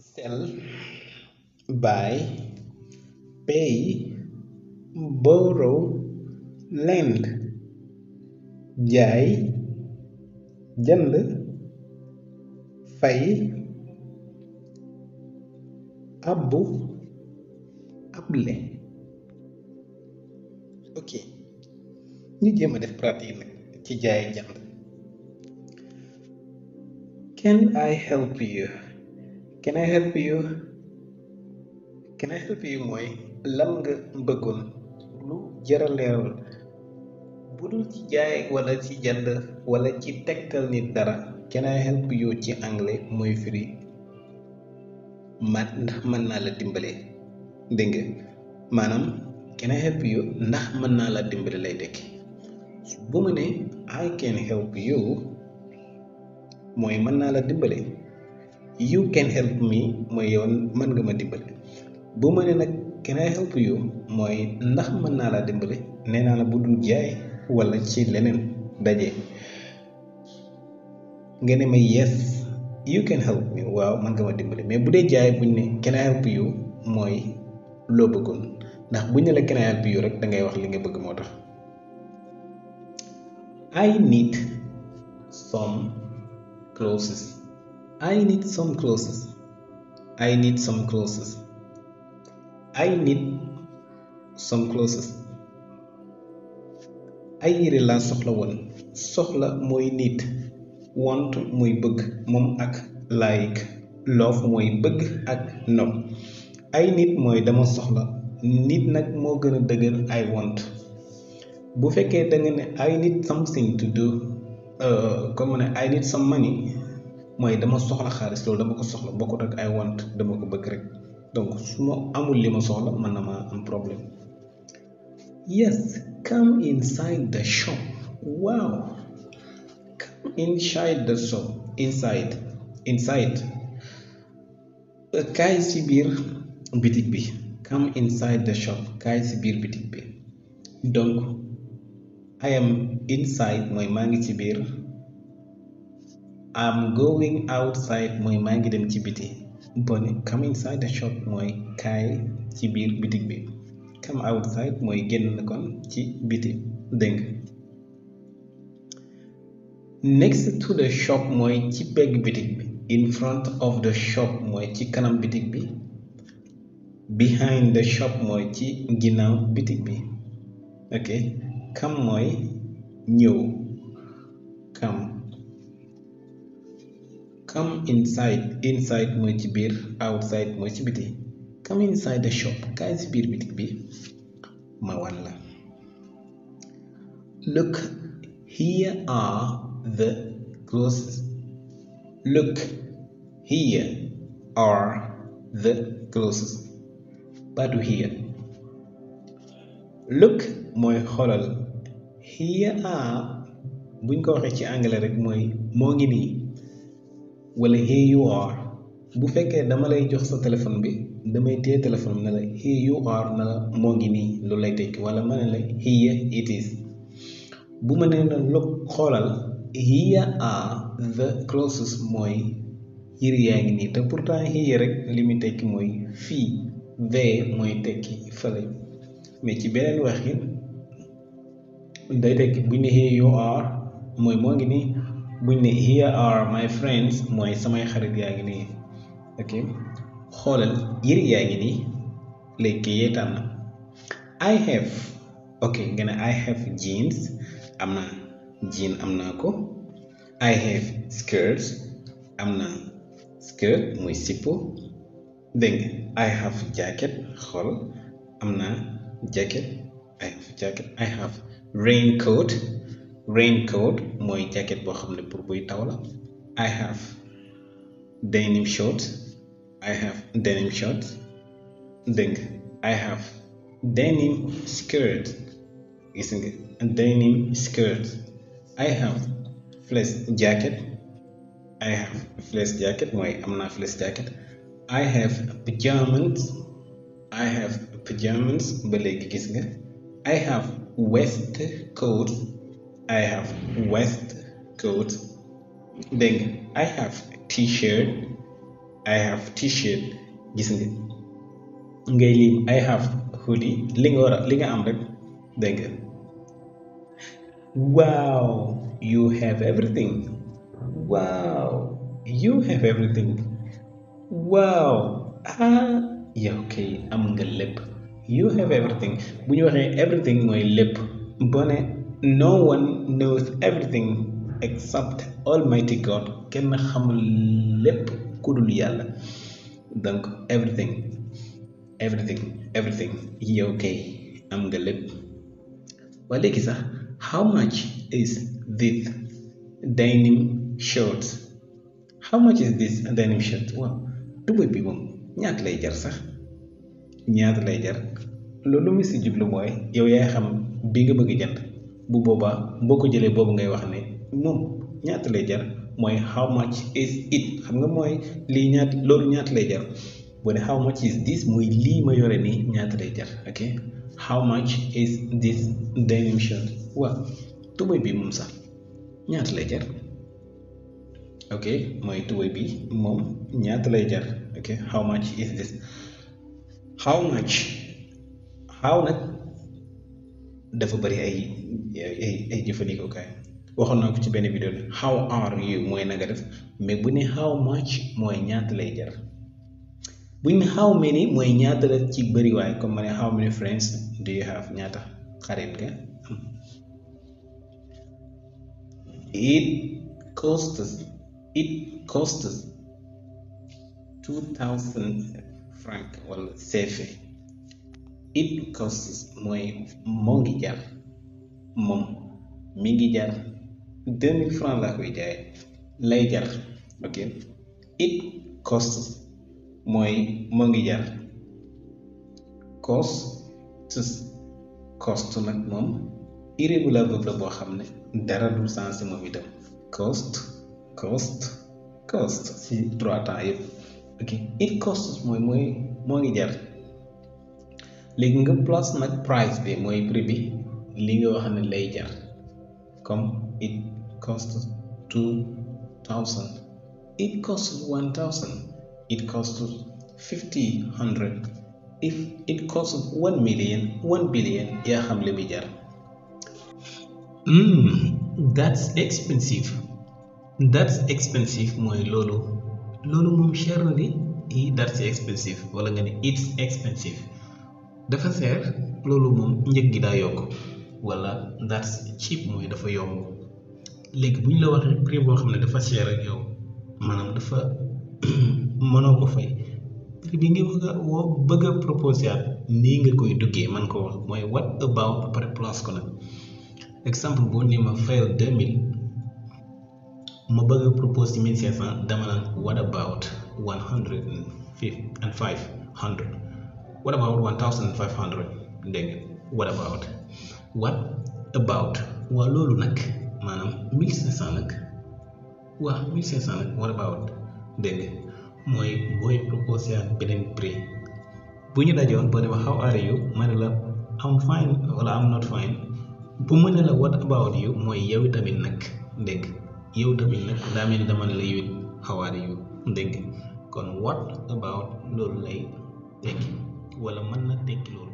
sell buy pay borrow lend jaay jënd fay abbu able ok ñu jéem a def pratique nag ci jaay jënd can I help you can help you can help you mooy lam nga bëggoon lu jara leeral bu dul ci jaay wala ci jand wala ci tegtal nit dara can help you ci anglais mooy firi mat ndax mën naa la dimbale dégg nga maanaam can help you ndax mën naa la dimbale lay tekki bu ma ne I can help you mooy mën naa la dimbale you can help me mooy yow mën nga ma dimbali bu ma ne nag can help you mooy ndax mën naa laa dimbale nee naa la bu dul jaay wala ci leneen daje nga ne ma yes you can help me waaw mën nga ma dimbale mais bu dee jaay buñ ne can help you mooy loo bëggoon ndax buñ ne la can help you rek da ngay wax li nga bëgg moo tax I need some clothes. I need some clothes. ay yére laa soxla woon soxla mooy nit want mooy bëgg moom ak like love mooy bëgg ak nopp ay nit mooy dama soxla nit nag moo gën a dëgër ay want bu fekkee da nga ne I need something to do uh, comme ne I need some money mooy dama soxla xaalis loolu dama ko soxla bokkut ak ay want dama ko bëgg rek donc su ma amul li ma soxla mën na maa am problème yes come inside the shop waaw come inside the shop inside inside kaay si biir bitig bi come inside the shop kaay si biir bitig bi donc ayam am inside mooy maa ngi ci biir I'm going outside mooy maa ngi dem ci biti bon come inside the shop mooy kaay ci biir bitig bi come outside mooy génn kon ci biti dégg next to the shop mooy ci pegg bitig bi in front of the shop mooy ci kanam bitig bi behind the shop mooy ci ginnaaw bitig bi ok come mooy ñëw come inside inside mooy ci biir outside mooy ci biti come inside the shop kaay ci biir bitik bi ma wan la look here are the clothes look here are the clothes baatu here look mooy xoolal here are buñ ko waxee ci anglais rek mooy moo ngi nii wala here you are bu fekkee dama lay jox sa téléphone bi damay téye téléphone na la here you are na la moo ngi nii loolu lay tekki wala ma ne la here it is bu ma nee na xoolal here are the closest mooy here yaa ngi nii te pourtant here rek li muy tekki mooy fii there mooy tekki fële mais ci beneen waxin day tekki bu ne here you are mooy moo ngi nii buñ ne here are my friends mooy samay xarit yaa ngi nii ok xoolal yëre yaa ngi nii léegi kii yee I have ok nga ne I have jeans am na jean am naa ko I have skirts am na skirt muy sippo dégg nga I have jacket xool am na jacket I have jacket I have raincoat raincoat mooy jacket boo xam ne pour buy taw la I have denim shorts I have denim shorts dégg I have denim skirt gis nga denim skirt I have fleece jacket I have fleece jacket mooy am naa fleece jacket I have pyjamas I have pyjamas ba léegi gis nga I have waistcoat I have waistcoat dégg nga I have t-shirt I have t-shirt gis nga ngay lim I have hoodie li nga am rek dégg nga waaw you have everything waaw you have everything waaw ah yow am nga lépp you have everything bu ñu waxee everything mooy lépp boo no one knows everything except Almighty God kenn xamul lépp ku dul yàlla donc everything everything everything yow kay am nga lépp waa léegi sax how much is this denim shirt how much is this denim shirt waaw tubay bi moom ñaata lay jar sax ñaata lay jar loolu mu si jublu mooy yow yaay xam bi nga bëgg jënd bu boobaa boo ko jëlee boobu ngay wax ne moom ñaata lay jar mooy how much is it xam nga mooy lii ñaata loolu ñaata lay jar boo ne how much is this mooy lii ma yore nii ñaata lay jar ok how much is this denim shirt bi moom sax ñaata lay jar ok mooy tubay bi moom ñaata lay jar ok how much is this how much dafa bari ay ay ay jëfandikookaay waxoon naa ko ci benn vidéo how are you mooy naga def mais bu ne how much mooy ñaata lay jar bu ñu ne how many mooy ñaata la ci bëriwaay comme ma ne how many friends do you have ñaata xarit nga am it costs it costs two wala it costs mooy ngi jar mi ngi jar deux mille francs laa koy jaay mooy moo ngi jar costs cost nag moom irrégulier verbe la boo xam ne dara du sens moom cost cost cost si trois temps yëpp ok it costs mooy mooy moo ngi jar léegi nga place nag price bi mooy prix bi li nga wax ne lay jar comme it cost two thousand it cost one thousand it cost fifty hundred if it cost one million one billion yaa xam li muy jar. hmm that's expensive that's expensive mooy loolu loolu moom cher na di that's expensive wala nga ne it's expensive. dafa seer loolu moom njëg gi daa yokk wala ndaat cheap mooy dafa yomb léegi bu ñu la waxee prix boo xam ne dafa seer ak yow maanaam dafa mënoo ko fay prix bi nga bëgg a woo nii nga koy duggee man ko wax mooy what about ba pare place ko exemple boo nee ma fayal 2000 ma bëgg a proposé ci 1500 dama naan what about 100 and 500. What about 1500 dégg what about what about waa loolu nag maanaam 1500 nag waa nag what about dégg mooy booy proposé ak prix bu ñu dajoon boo ne ma how are you ma ne la am fine wala am not fine bu ma ne la what about you mooy yow tamit nag dégg yow tamit nag daa mel dama ne la yow it how are kon what about loolu lay tekki wala mën na tekki